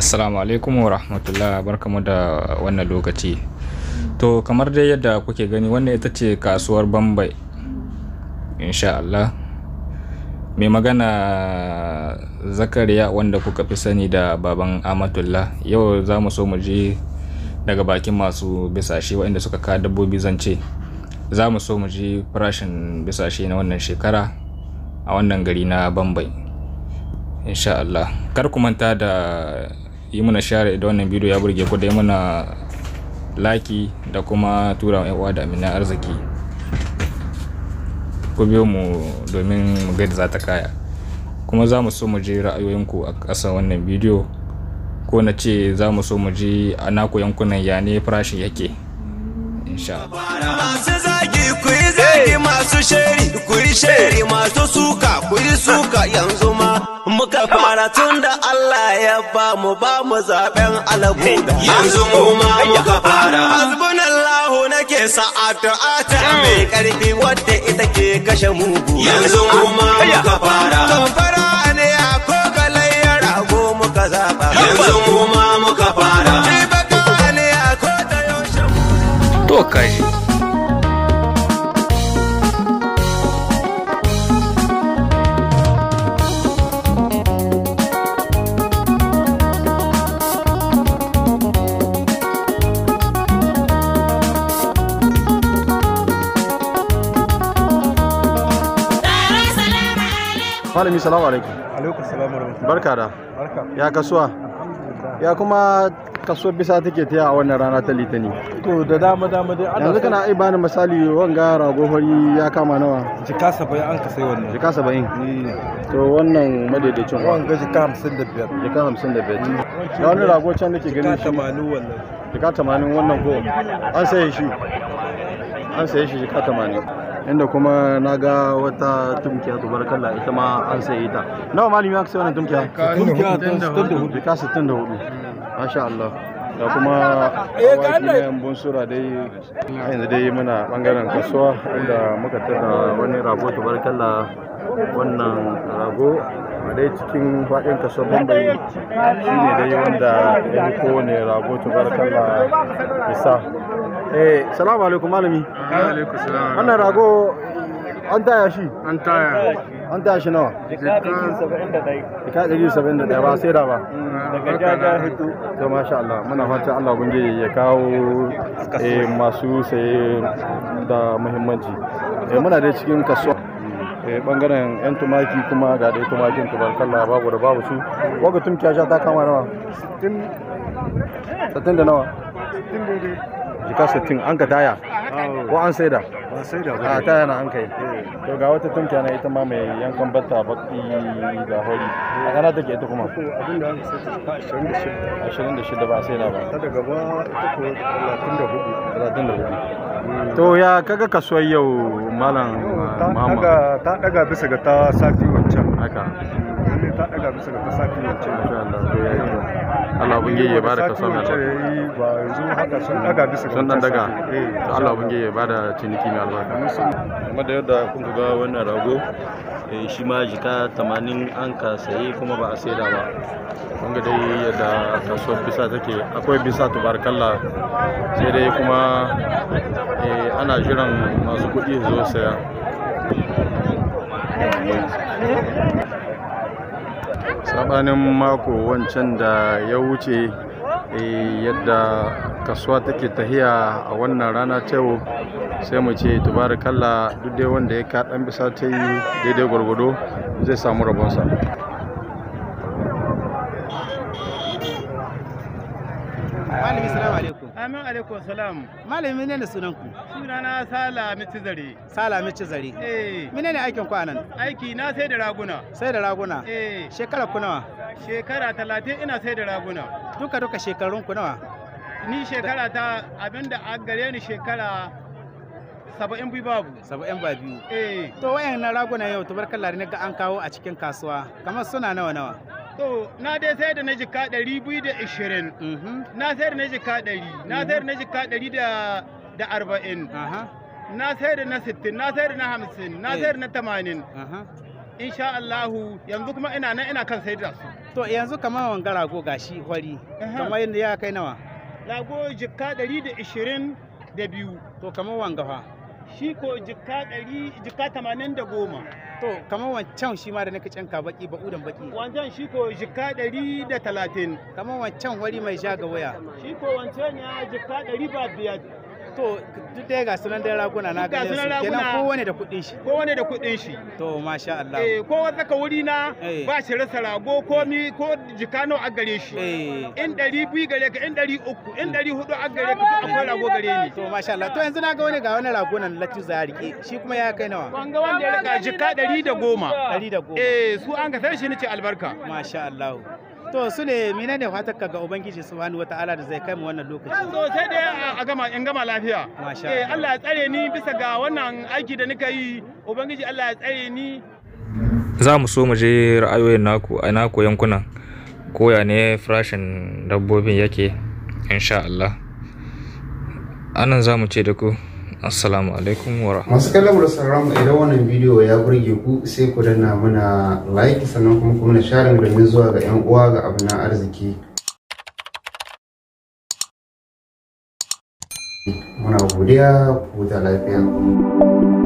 assalamu alaikum wa rahmatullah barkamu da wannan lokaci to kamar dai yadda kuke gani wannan ita ce kasuwar bambai insha Allah mai magana zakariya wanda kuka fi sani da baban amatullah yau za mu so mu je daga bakin masu bisashe waɗanda suka ka dabbobi zance za mu so mu ji farashin bisashe na wannan shekara a wannan gari na bambai insha Allah kar ku manta da yi mana share da wannan bidiyo ya burge ku da yi mana laki da kuma tura wa yawa da amina arziki ku biyo mu domin mu ga za ta kaya kuma za mu so mu je ra'ayoyinku a ƙasa wannan bidiyo ko na ce za mu so mu je a naku yankunan ya ne farashin yake insha masu zagi ku zagi masu sheri ku yi masu suka ku yi suka yanzu ma muka fara tun da Allah ya ba mu ba mu zaben alaguda yanzu mu ma muka fara hasbunallahu nake sa'ata ata mai karfi wadda ita ke kashe mugu yanzu mu ma muka fara fara ne ya ko galayya rago muka zaba yanzu mu malami salamu alaikum alaikum salamu alaikum barka da barka ya kasuwa ya kuma kasuwar bisa take taya a wannan rana ta litani to da dama dama dai ana yanzu kana ai bani misali wanga rago fari ya kama nawa jika 70 an ka sai wannan jika 70 eh. to wannan madaidaicin wanga jika 55 jika 55 mm. da wani rago can nake ganin shi jika 80 wannan jika 80 wannan ko an sai shi an sai shi jika 80 inda kuma na ga wata tumkiya tubarkalla ita ma an saye ta nawa malami aka sai wannan tumkiya tumkiya ta 64 ta 64 masha Allah da kuma awaki ah, eh, na yambon sura dai yanzu dai muna bangaren kasuwa inda muka tada wani rago tubarkalla wannan rago a dai cikin faɗin kasar bambayi shi ne dai wanda ya kowane rago tubarkalla isa eh salamu alaikum malami alaikum salam wannan rago an taya shi an taya an taya shi nawa Dika jika 71 da 71 ba sai da ba daga jaja hito to masha Allah muna fata Allah ubangiji ya kawo eh, masu saye da muhimmanci Eh, muna da cikin kasuwa Eh, bangaren yan tumaki kuma ga dai tumakin tubarkalla babu da babu su wagatun kyasha ta kama nawa 60 da nawa da 60 jika 60 an ka taya ko an saida ba saida ba a taya na an kai to ga wata tunkiya na ita ma mai yankan batta baki da hori a kana take ita kuma abin da an saita ta 26 26 ba saida ba ta daga ba ita ko 34 34 mm. to ya kaga kasuwar yau malam mama ta daga bisa ga ta sati wancan haka ta daga bisa ga kasa Allah kaso mai albarka ba yanzu haka sun daga bisa ga sun daga eh. to Allah ubangiji ya bada ciniki mai albarka kuma da yadda kun ga wannan rago eh, shi ma jika 80 an ka sayi kuma ba a saida ba kun ga dai yadda kasuwar bisa take akwai bisa tubarkalla sai dai kuma eh, ana jiran masu kuɗi zo saya sabanin mako wancan da ya wuce eh, yadda kasuwa take tahiya a wannan rana ta yau sai mu ce tubarakalla duk dai wanda ya kaɗan bisa ta yi daidai gwargwado zai samu rabonsa alaikum. Amin alaikum salam. Malami mene ne sunan ku? Sunana Sala Mitizare. Sala Mitizare. Eh. Mene ne aikin ku anan? Aiki na sai da raguna. Sai da raguna. Eh. Shekara ku nawa? Shekara talatin ina sai da raguna. Duka duka shekarun ku nawa? Ni shekara ta abinda a gare ni shekara saba'in biyu babu saba'in ba biyu eh to wayan na raguna yau tabarkar lari ne ga an kawo a cikin kasuwa kamar suna nawa nawa to na dai sai da na jika ɗari biyu da ishirin mhm. na sai da na jika 100 na mhm. sai da na jika ɗari da arba'in na sai da na sittin na sai da na hamsin na eh. sai da na tamanin insha Allahu yanzu kuma ina nan ina kan sai da su to yanzu kamar wanga rago gashi hwari kamar yadda ya kai nawa rago jika ɗari da biyu to kamar wanga fa shi ko jikka ɗari tamanin da goma to kamar wancan shi ma da nake canka baki ba udan baki wancan shi ko jikka ɗari da talatin kamar wancan wari mai sha ga waya shi ko wancan ya jikka ɗari ba biyar to duk da ga sunan dai raguna na gane su kenan kowane da kuɗin shi kowane da kuɗin shi to masha Allah eh kowa saka wuri na eh. ba shi rasa rago ko mi ko jikano a gare shi eh. in ɗari gare ka in ɗari uku in mm. ɗari a gare ka duk akwai rago gare ni to masha Allah to yanzu na ga wani ga wani rago nan latu za rike shi kuma ya kai nawa wanga wanda ya rika jika ɗari da goma ɗari da goma eh su an ga sai shi nace ce albarka masha Allah to su ne mina ne fatar ka ga ubangiji subhanahu wataala da zai kai mu wannan lokaci to sai dai a gama in gama lafiya eh Allah ya tsare ni bisa ga wannan aiki da nika yi ubangiji Allah ya tsare ni za mu so mu je ra'ayoyin naku a naku yankunan koya ne farashin dabbobin yake insha Allah anan za mu ce da ku assalamu alaikum wa masu kallon da sauran idan wannan bidiyo ya burge ku sai ku danna muna like sannan kuma kuma na share domin zuwa ga yan uwa ga abin na arziki muna godiya ku da lafiya